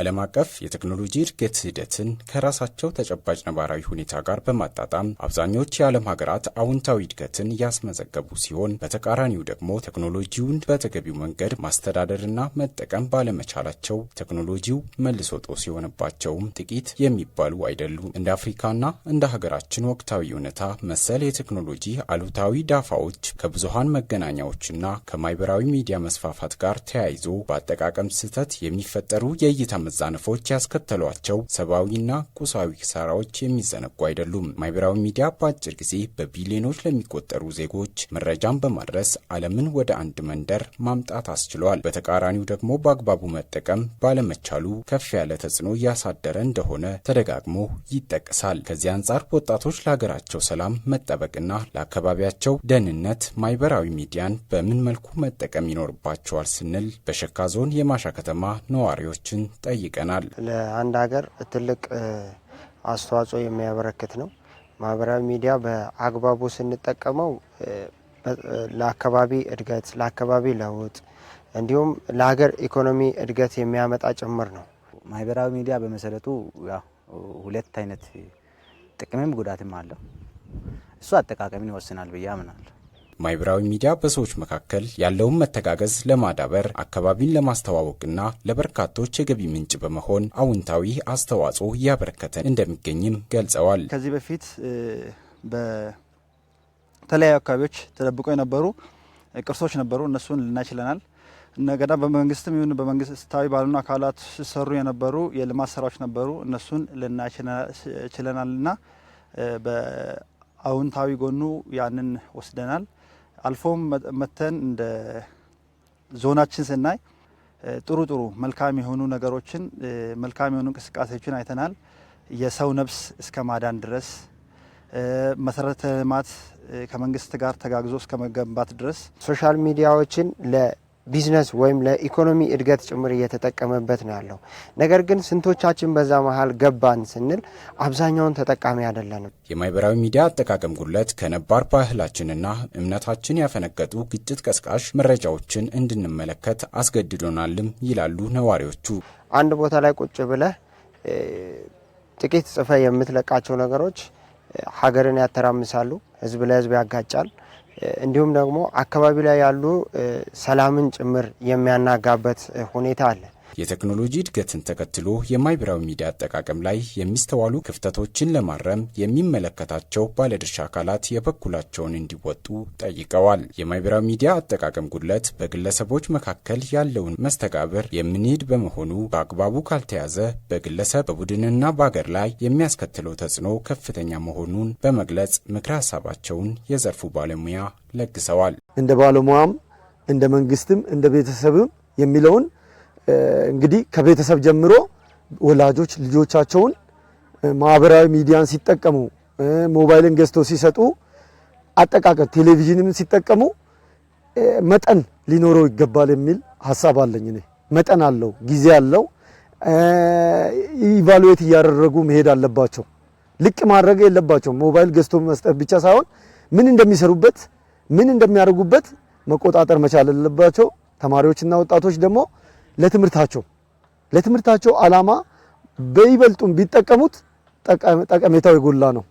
ዓለም አቀፍ የቴክኖሎጂ እድገት ሂደትን ከራሳቸው ተጨባጭ ነባራዊ ሁኔታ ጋር በማጣጣም አብዛኞች የዓለም ሀገራት አዎንታዊ እድገትን ያስመዘገቡ ሲሆን በተቃራኒው ደግሞ ቴክኖሎጂውን በተገቢው መንገድ ማስተዳደርና መጠቀም ባለመቻላቸው ቴክኖሎጂው መልሶ ጦስ ጥቂት የሚባሉ አይደሉም። እንደ አፍሪካና እንደ ሀገራችን ወቅታዊ እውነታ መሰል የቴክኖሎጂ አሉታዊ ዳፋዎች ከብዙሃን መገናኛዎችና ከማህበራዊ ሚዲያ መስፋፋት ጋር ተያይዞ በአጠቃቀም ስህተት የሚፈጠሩ የእይታ መዛነፎች ያስከተሏቸው ሰብአዊና ቁሳዊ ኪሳራዎች የሚዘነጉ አይደሉም። ማህበራዊ ሚዲያ በአጭር ጊዜ በቢሊዮኖች ለሚቆጠሩ ዜጎች መረጃን በማድረስ ዓለምን ወደ አንድ መንደር ማምጣት አስችሏል። በተቃራኒው ደግሞ በአግባቡ መጠቀም ባለመቻሉ ከፍ ያለ ተጽዕኖ እያሳደረ እንደሆነ ተደጋግሞ ይጠቀሳል። ከዚህ አንጻር ወጣቶች ለሀገራቸው ሰላም መጠበቅና ለአካባቢያቸው ደህንነት ማህበራዊ ሚዲያን በምን መልኩ መጠቀም ይኖርባቸዋል ስንል በሸካ ዞን የማሻ ከተማ ነዋሪዎችን ጠ ጠይቀናል። ለአንድ ሀገር ትልቅ አስተዋጽኦ የሚያበረክት ነው። ማህበራዊ ሚዲያ በአግባቡ ስንጠቀመው ለአካባቢ እድገት፣ ለአካባቢ ለውጥ እንዲሁም ለሀገር ኢኮኖሚ እድገት የሚያመጣ ጭምር ነው። ማህበራዊ ሚዲያ በመሰረቱ ሁለት አይነት ጥቅምም ጉዳትም አለው። እሱ አጠቃቀምን ይወስናል ብዬ አምናለሁ። ማህበራዊ ሚዲያ በሰዎች መካከል ያለውን መተጋገዝ ለማዳበር አካባቢን ለማስተዋወቅና ለበርካቶች የገቢ ምንጭ በመሆን አውንታዊ አስተዋጽኦ እያበረከተ እንደሚገኝም ገልጸዋል። ከዚህ በፊት በተለያዩ አካባቢዎች ተደብቆ የነበሩ ቅርሶች ነበሩ። እነሱን ልናይችለናል። ችለናል። እንደገና በመንግስትም ይሁን በመንግስታዊ ባልሆኑ አካላት ሲሰሩ የነበሩ የልማት ስራዎች ነበሩ። እነሱን ልናይ ና በአውንታዊ ጎኑ ያንን ወስደናል። አልፎም መተን እንደ ዞናችን ስናይ ጥሩ ጥሩ መልካም የሆኑ ነገሮችን መልካም የሆኑ እንቅስቃሴዎችን አይተናል። የሰው ነፍስ እስከ ማዳን ድረስ መሰረተ ልማት ከመንግስት ጋር ተጋግዞ እስከ መገንባት ድረስ ሶሻል ሚዲያዎችን ቢዝነስ ወይም ለኢኮኖሚ እድገት ጭምር እየተጠቀመበት ነው ያለው። ነገር ግን ስንቶቻችን በዛ መሀል ገባን ስንል አብዛኛውን ተጠቃሚ አይደለንም። የማህበራዊ ሚዲያ አጠቃቀም ጉድለት ከነባር ባህላችንና እምነታችን ያፈነገጡ ግጭት ቀስቃሽ መረጃዎችን እንድንመለከት አስገድዶናልም ይላሉ ነዋሪዎቹ። አንድ ቦታ ላይ ቁጭ ብለህ ጥቂት ጽፈ የምትለቃቸው ነገሮች ሀገርን ያተራምሳሉ፣ ህዝብ ለህዝብ ያጋጫል። እንዲሁም ደግሞ አካባቢ ላይ ያሉ ሰላምን ጭምር የሚያናጋበት ሁኔታ አለ። የቴክኖሎጂ እድገትን ተከትሎ የማህበራዊ ሚዲያ አጠቃቀም ላይ የሚስተዋሉ ክፍተቶችን ለማረም የሚመለከታቸው ባለድርሻ አካላት የበኩላቸውን እንዲወጡ ጠይቀዋል። የማህበራዊ ሚዲያ አጠቃቀም ጉድለት በግለሰቦች መካከል ያለውን መስተጋብር የምንሄድ በመሆኑ በአግባቡ ካልተያዘ በግለሰብ በቡድንና በአገር ላይ የሚያስከትለው ተጽዕኖ ከፍተኛ መሆኑን በመግለጽ ምክረ ሀሳባቸውን የዘርፉ ባለሙያ ለግሰዋል። እንደ ባለሙያም እንደ መንግስትም እንደ ቤተሰብም የሚለውን እንግዲህ ከቤተሰብ ጀምሮ ወላጆች ልጆቻቸውን ማህበራዊ ሚዲያን ሲጠቀሙ፣ ሞባይልን ገዝቶ ሲሰጡ፣ አጠቃቀም ቴሌቪዥንም ሲጠቀሙ መጠን ሊኖረው ይገባል የሚል ሀሳብ አለኝ እኔ። መጠን አለው፣ ጊዜ አለው። ኢቫሉዌት እያደረጉ መሄድ አለባቸው። ልቅ ማድረግ የለባቸውም። ሞባይል ገዝቶ መስጠት ብቻ ሳይሆን ምን እንደሚሰሩበት ምን እንደሚያደርጉበት መቆጣጠር መቻል አለባቸው። ተማሪዎችና ወጣቶች ደግሞ ለትምህርታቸው ለትምህርታቸው አላማ በይበልጡም ቢጠቀሙት ጠቀሜታው የጎላ ነው።